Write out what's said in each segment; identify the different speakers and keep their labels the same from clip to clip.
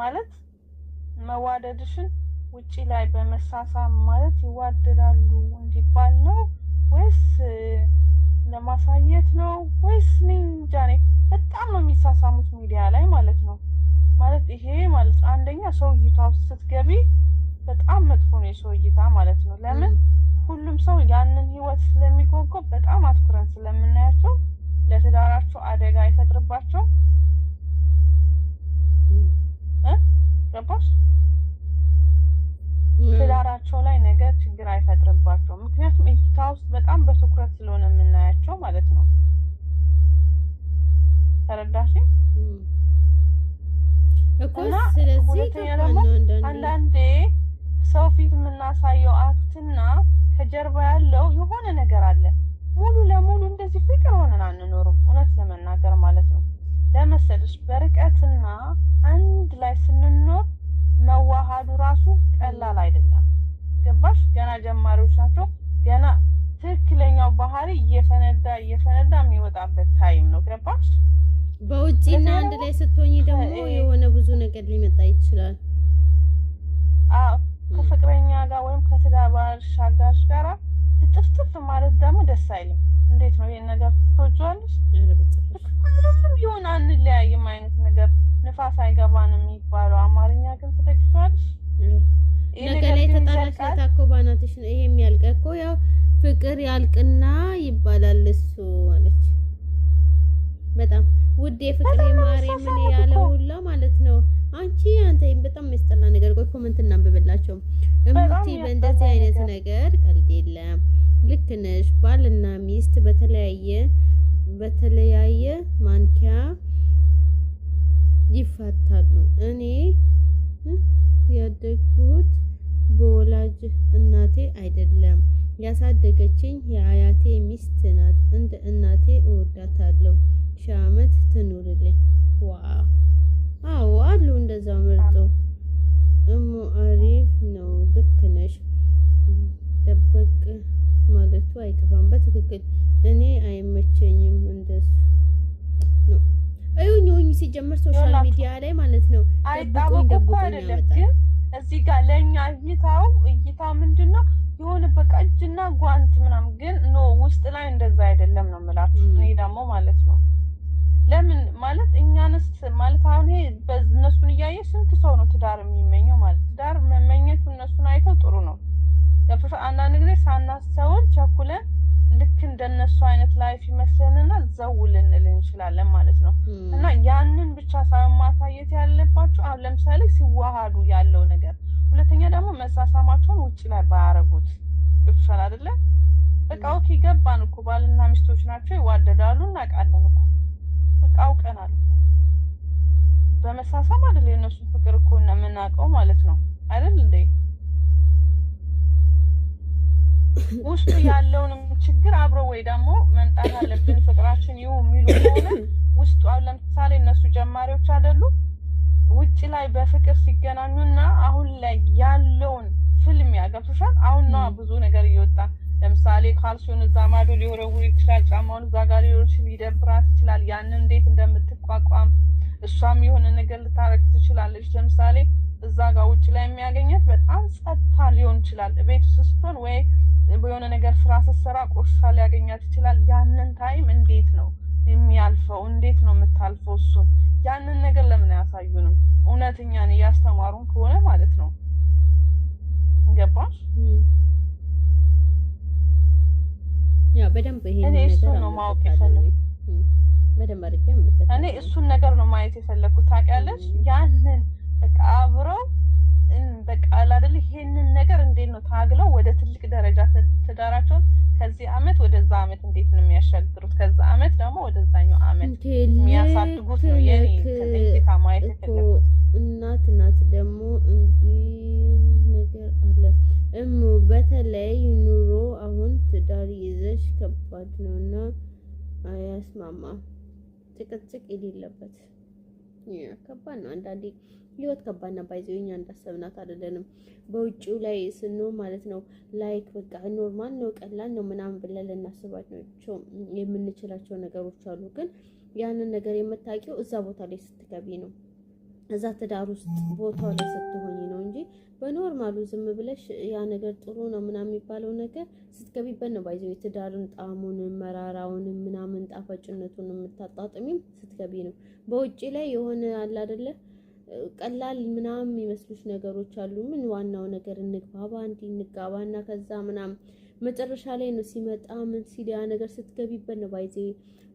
Speaker 1: ማለት መዋደድሽን ውጪ ላይ በመሳሳም ማለት ይዋደዳሉ እንዲባል ነው ወይስ ለማሳየት ነው ወይስ እንጃ። በጣም ነው የሚሳሳሙት ሚዲያ ላይ ማለት ነው። ማለት ይሄ ማለት አንደኛ ሰው እይታ ውስጥ ስትገቢ በጣም መጥፎ ነው የሰው እይታ ማለት ነው። ለምን ሁሉም ሰው ያንን ህይወት ስለሚጓጓ በጣም አትኩረን ስለምናያቸው ለትዳራቸው አደጋ አይፈጥርባቸው ራሱ ትዳራቸው ላይ ነገር ችግር አይፈጥርባቸውም። ምክንያቱም እይታ ውስጥ በጣም በትኩረት ስለሆነ የምናያቸው ማለት ነው። ተረዳሽ እና ስለዚህ ደግሞ አንዳንዴ ሰው ፊት የምናሳየው አክትና ከጀርባ ያለው የሆነ ነገር አለ። ሙሉ ለሙሉ እንደዚህ ፍቅር ሆነን አንኖርም፣ እውነት ለመናገር ማለት ነው። ለመሰልሽ በርቀትና አንድ ላይ ስንኖር መዋሃዱ ራሱ ቀላል አይደለም። ገባሽ? ገና ጀማሪዎች ናቸው። ገና ትክክለኛው ባህሪ እየፈነዳ እየፈነዳ የሚወጣበት ታይም ነው። ገባሽ?
Speaker 2: በውጪና አንድ ላይ ስትሆኝ ደግሞ የሆነ ብዙ ነገር ሊመጣ ይችላል።
Speaker 1: አዎ ከፍቅረኛ ጋር ወይም ከትዳር ባልሽ አጋርሽ ጋራ ጥፍጥፍ ማለት ደግሞ ደስ አይልም። እንዴት ነው ይሄን ነገር ትወጂዋለሽ? ምንም ቢሆን አንለያይም አይነት ነገር ንፋስ አይገባንም
Speaker 2: እናትሽ ነው ይሄ የሚያልቀ እኮ ያው ፍቅር ያልቅና ይባላል እሱ አለች። በጣም ውድ የፍቅር ማሬ ምን ያለው ሁላ ማለት ነው። አንቺ አንተ በጣም የሚያስጠላ ነገር ቆይ ኮመንት እናንብብላቸው እምቲ በእንደዚህ አይነት ነገር ቀልድ የለም። ልክ ነሽ። ባልና ሚስት በተለያየ አጎቴ አይደለም። ያሳደገችኝ የአያቴ ሚስት ናት። እንደ እናቴ እወዳታለሁ። ሺህ ዓመት ትኑርልኝ። ዋ አዎ አሉ እንደዛ መርጦ እሙ አሪፍ ነው። ልክ ነሽ። ደበቅ ማለቱ አይከፋም። በትክክል እኔ አይመቸኝም እንደሱ ነው። እዩኝ ሲጀመር ሶሻል ሚዲያ ላይ ማለት ነው ደብቁኝ ደብቁኝ ያመጣል።
Speaker 1: እዚህ ጋር ለእኛ እይታው እይታ ምንድን ነው የሆነ በቃ እጅና ጓንት ምናምን፣ ግን ኖ ውስጥ ላይ እንደዛ አይደለም ነው የምላችሁ። እኔ ደግሞ ማለት ነው ለምን ማለት እኛንስ ማለት አሁን ይሄ እነሱን እያየ ስንት ሰው ነው ትዳር የሚመኘው? ማለት ትዳር መመኘቱ እነሱን አይተው ጥሩ ነው። አንዳንድ ጊዜ ሳናስተውል ቸኩለን ልክ እንደነሱ አይነት ላይፍ ይመስለንና ዘው ልንል እንችላለን ማለት ነው። እና ያንን ብቻ ሳይሆን ማሳየት ያለባቸው አሁን ለምሳሌ ሲዋሃዱ ያለው ነገር፣ ሁለተኛ ደግሞ መሳሳማቸውን ውጭ ላይ ባያረጉት ይብሻል አደለ? በቃ ኦኬ ገባን እኮ ባልና ሚስቶች ናቸው ይዋደዳሉ፣ እናውቃለን እኮ በቃ አውቀናል እኮ በመሳሳም አደለ የእነሱ ፍቅር እኮ እና የምናውቀው ማለት ነው አይደል እንዴ ውስጡ ያለውን ችግር አብረው ወይ ደግሞ መምጣት አለብን ፍቅራችን ይሁ የሚሉ ከሆነ ውስጡ አሁን ለምሳሌ እነሱ ጀማሪዎች አይደሉም። ውጭ ላይ በፍቅር ሲገናኙ ሲገናኙና አሁን ላይ ያለውን ፊልም ያገብቶሻል። አሁን ነዋ ብዙ ነገር እየወጣ ለምሳሌ ካልሲዮን እዛ ማዶ ሊወረውር ይችላል፣ ጫማውን እዛ ጋር ሊወርሽ ሊደብራት ይችላል። ያንን እንዴት እንደምትቋቋም እሷም የሆነ ነገር ልታረግ ትችላለች። ለምሳሌ እዛ ጋር ውጭ ላይ የሚያገኘት በጣም ጸጥታ ሊሆን ይችላል። ቤት ውስጥ ስትሆን ወይ የሆነ ነገር ስራ ስትሰራ ቆሻ ሊያገኛት ይችላል። ያንን ታይም እንዴት ነው የሚያልፈው? እንዴት ነው የምታልፈው? እሱን ያንን ነገር ለምን አያሳዩንም? እውነተኛን እያስተማሩን ከሆነ ማለት ነው። ገባሽ?
Speaker 2: ያው በደንብ ይሄ እሱን ነው ማወቅ የፈለኩት። በደንብ አድርጌ
Speaker 1: እኔ እሱን ነገር ነው ማየት የፈለኩት። ታውቂያለሽ? ያንን በቃ አብረው በቃ አይደል ይሄንን ነው ታግለው ወደ ትልቅ ደረጃ ትዳራቸውን ከዚህ አመት ወደዛ አመት እንዴት ነው የሚያሻግሩት? ከዛ አመት ደግሞ ወደዛኛው አመት የሚያሳድጉት ነው የኔታ ማየት የፈለጉት።
Speaker 2: እናት ናት ደግሞ እንጂ ነገር አለ እሙ በተለይ ኑሮ አሁን ትዳር ይዘሽ ከባድ ነውና አያስማማ ጭቅጭቅ የሌለበት ከባድ ነው አንዳንዴ ህይወት ከባድ ነው። ባይዘው እኛ እንዳሰብናት አይደለንም። በውጭው ላይ ስንሆን ማለት ነው ላይክ በቃ ኖርማል ነው ቀላል ነው ምናምን ብለን ልናስባቸው የምንችላቸው ነገሮች አሉ። ግን ያንን ነገር የምታውቂው እዛ ቦታ ላይ ስትገቢ ነው፣ እዛ ትዳር ውስጥ ቦታው ላይ ስትሆኝ ነው እንጂ በኖርማሉ ዝም ብለሽ ያ ነገር ጥሩ ነው ምናምን የሚባለው ነገር ስትገቢበት ነው። ባይዘው የትዳርን ጣዕሙን፣ መራራውን ምናምን ጣፋጭነቱን የምታጣጥሚም ስትገቢ ነው። በውጭ ላይ የሆነ አለ አይደለም ቀላል ምናምን የሚመስሉት ነገሮች አሉ። ምን ዋናው ነገር እንግባባ እንዲ እንጋባ እና ከዛ ምናምን መጨረሻ ላይ ነው ሲመጣ ምን ሲዲያ ነገር ስትገቢበት ነው ባይዜ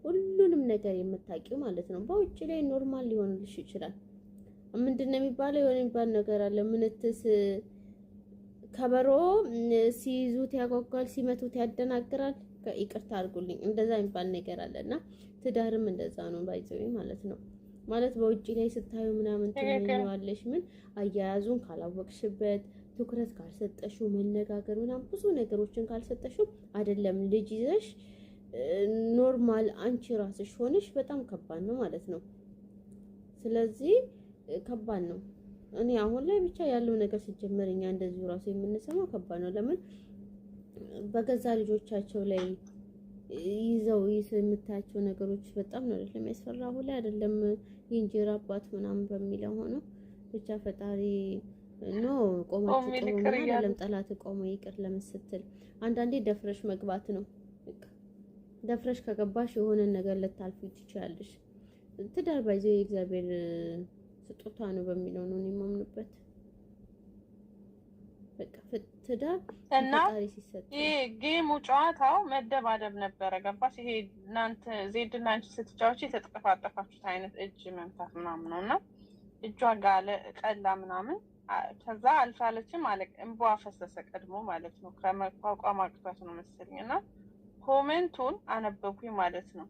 Speaker 2: ሁሉንም ነገር የምታውቂው ማለት ነው። በውጭ ላይ ኖርማል ሊሆንልሽ ይችላል። ምንድን ነው የሚባለው የሆነ የሚባል ነገር አለ። ምንትስ ከበሮ ሲይዙት ያጓጓል፣ ሲመቱት ያደናግራል። ይቅርታ አድርጉልኝ፣ እንደዛ የሚባል ነገር አለና ትዳርም እንደዛ ነው ባይዘ ማለት ነው። ማለት በውጭ ላይ ስታዩ ምናምን ትመኘዋለሽ። ምን አያያዙን ካላወቅሽበት፣ ትኩረት ካልሰጠሽው፣ መነጋገር ምናምን ብዙ ነገሮችን ካልሰጠሽው አይደለም ልጅ ይዘሽ ኖርማል አንቺ ራስሽ ሆነሽ በጣም ከባድ ነው ማለት ነው። ስለዚህ ከባድ ነው። እኔ አሁን ላይ ብቻ ያለው ነገር ሲጀመር እኛ እንደዚሁ ራሱ የምንሰማው ከባድ ነው። ለምን በገዛ ልጆቻቸው ላይ ይዘው የምታያቸው ነገሮች በጣም ነው አይደለም ያስፈራ። ላይ አይደለም የእንጀራ አባት ምናምን በሚለው ሆኖ ብቻ ፈጣሪ ኖ ቆማችሁ ጥሩ ነው አይደለም። ጠላት ቆሞ ይቅር ለምን ስትል አንዳንዴ ደፍረሽ መግባት ነው። ደፍረሽ ከገባሽ የሆነን ነገር ልታልፊ ትችያለሽ። ትዳር ባይዘው የእግዚአብሔር ስጦታ ነው በሚለው ነው በቃ ትዳር
Speaker 1: እና ጌሙ ጨዋታው መደባደብ ነበረ። ገባሽ? ይሄ እናንተ አንቺ ስትጫወች የተጠፋጠፋችሁት አይነት እጅ መምታት ምናምን ነው እና እጇ ጋለ ቀላ ምናምን። ከዛ አልቻለችም ማለት እንቧ ፈሰሰ፣ ቀድሞ ማለት ነው። ከመቋቋም አቅቷት ነው መሰለኝ እና ኮሜንቱን አነበብኩኝ ማለት ነው።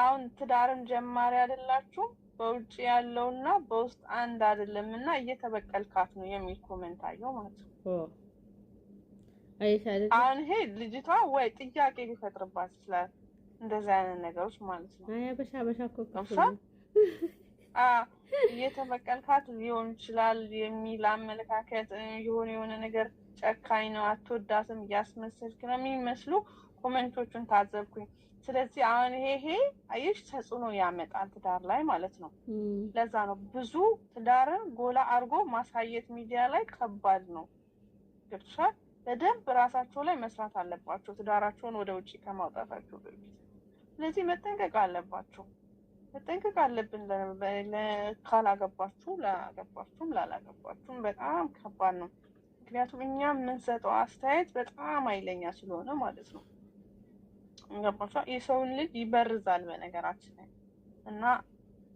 Speaker 1: አሁን ትዳርም ጀማሪ አይደላችሁም በውጭ ያለው እና በውስጥ አንድ አይደለም እና እየተበቀልካት ነው የሚል ኮመንት አየው ማለት ነው። አሁን ይሄ ልጅቷ ወይ ጥያቄ ሊፈጥርባት ይችላል፣ እንደዚህ አይነት ነገሮች ማለት ነው። እየተበቀልካት ሊሆን ይችላል የሚል አመለካከት የሆነ የሆነ ነገር ጨካኝ ነው፣ አትወዳትም፣ እያስመሰልክ ነው የሚመስሉ ኮመንቶቹን ታዘብኩኝ። ስለዚህ አሁን ይሄ ይሄ አየሽ ተጽዕኖ ያመጣል ትዳር ላይ ማለት ነው። ለዛ ነው ብዙ ትዳርን ጎላ አድርጎ ማሳየት ሚዲያ ላይ ከባድ ነው። ገብቶሻል? በደንብ ራሳቸው ላይ መስራት አለባቸው ትዳራቸውን ወደ ውጭ ከማውጣታቸው በፊት። ስለዚህ መጠንቀቅ አለባቸው መጠንቀቅ አለብን። ካላገባችሁ ላገባችሁም ላላገባችሁም በጣም ከባድ ነው። ምክንያቱም እኛ የምንሰጠው አስተያየት በጣም አይለኛ ስለሆነ ማለት ነው። ገባቸ የሰውን ልጅ ይበርዛል በነገራችን ላይ እና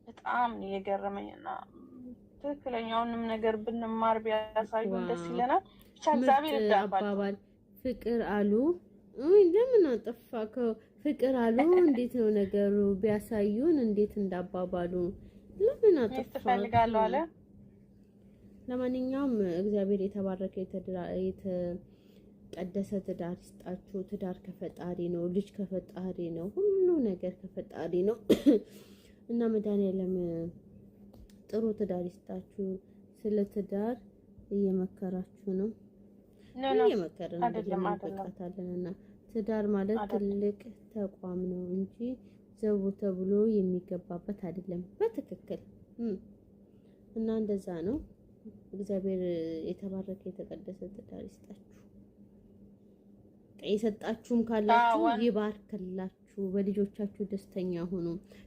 Speaker 1: በጣም የገረመኝ እና ትክክለኛውንም ነገር ብንማር ቢያሳዩ ደስ ይለናል። ብቻ እግዚአብሔር
Speaker 2: ይዳባል። ፍቅር አሉ ለምን አጠፋ ፍቅር አሉ። እንዴት ነው ነገሩ? ቢያሳዩን እንዴት እንዳባባሉ ለምን አጠፋ አለ። ለማንኛውም እግዚአብሔር የተባረከ የተ ቀደሰ ትዳር ይስጣችሁ። ትዳር ከፈጣሪ ነው፣ ልጅ ከፈጣሪ ነው፣ ሁሉ ነገር ከፈጣሪ ነው እና መድኃኒዓለም ጥሩ ትዳር ይስጣችሁ። ስለ ትዳር እየመከራችሁ ነው እየመከርን እንበቃታለንና ትዳር ማለት ትልቅ ተቋም ነው እንጂ ዘቡ ተብሎ የሚገባበት አይደለም። በትክክል እና እንደዛ ነው። እግዚአብሔር የተባረከ የተቀደሰ ትዳር ይስጣችሁ። የሰጣችሁም ካላችሁ ይባርክላችሁ። በልጆቻችሁ ደስተኛ ሁኑ፣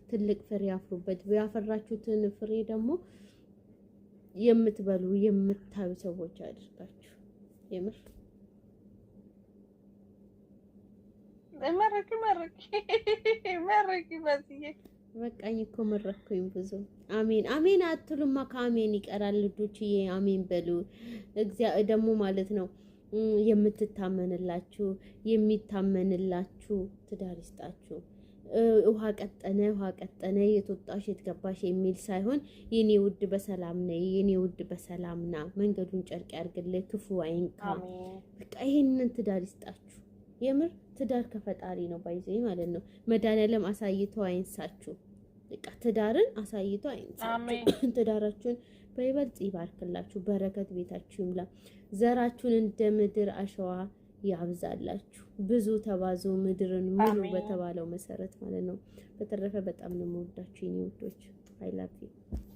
Speaker 2: ትልቅ ፍሬ ያፍሩበት። ያፈራችሁትን ፍሬ ደግሞ የምትበሉ የምታዩ ሰዎች አድርጋችሁ የምር
Speaker 1: መረኪ መረኪ መረኪ በዚህ
Speaker 2: በቃኝ እኮ መረኩኝ። ብዙ አሜን አሜን አትሉማ። ከአሜን ይቀራል ልጆችዬ፣ አሜን በሉ። እግዚአብሔር ደግሞ ማለት ነው የምትታመንላችሁ የሚታመንላችሁ ትዳር ይስጣችሁ። ውሃ ቀጠነ ውሃ ቀጠነ የትወጣሽ የትገባሽ የሚል ሳይሆን የኔ ውድ በሰላም ነይ፣ የኔ ውድ በሰላም ና፣ መንገዱን ጨርቅ ያርግልህ፣ ክፉ አይንካ። በቃ ይሄንን ትዳር ይስጣችሁ። የምር ትዳር ከፈጣሪ ነው ባይዘኝ ማለት ነው። መድኃኒዓለም አሳይተው አይንሳችሁ። በቃ ትዳርን አሳይቶ
Speaker 1: አይንሳችሁ።
Speaker 2: ትዳራችሁን በይበልጥ ይባርክላችሁ፣ በረከት ቤታችሁ ይምላ፣ ዘራችሁን እንደ ምድር አሸዋ ያብዛላችሁ። ብዙ ተባዙ፣ ምድርን ሙሉ በተባለው መሰረት ማለት ነው። በተረፈ በጣም ነው የምወዳችሁ የኔ ውዶች፣ አይ ላቭ ዩ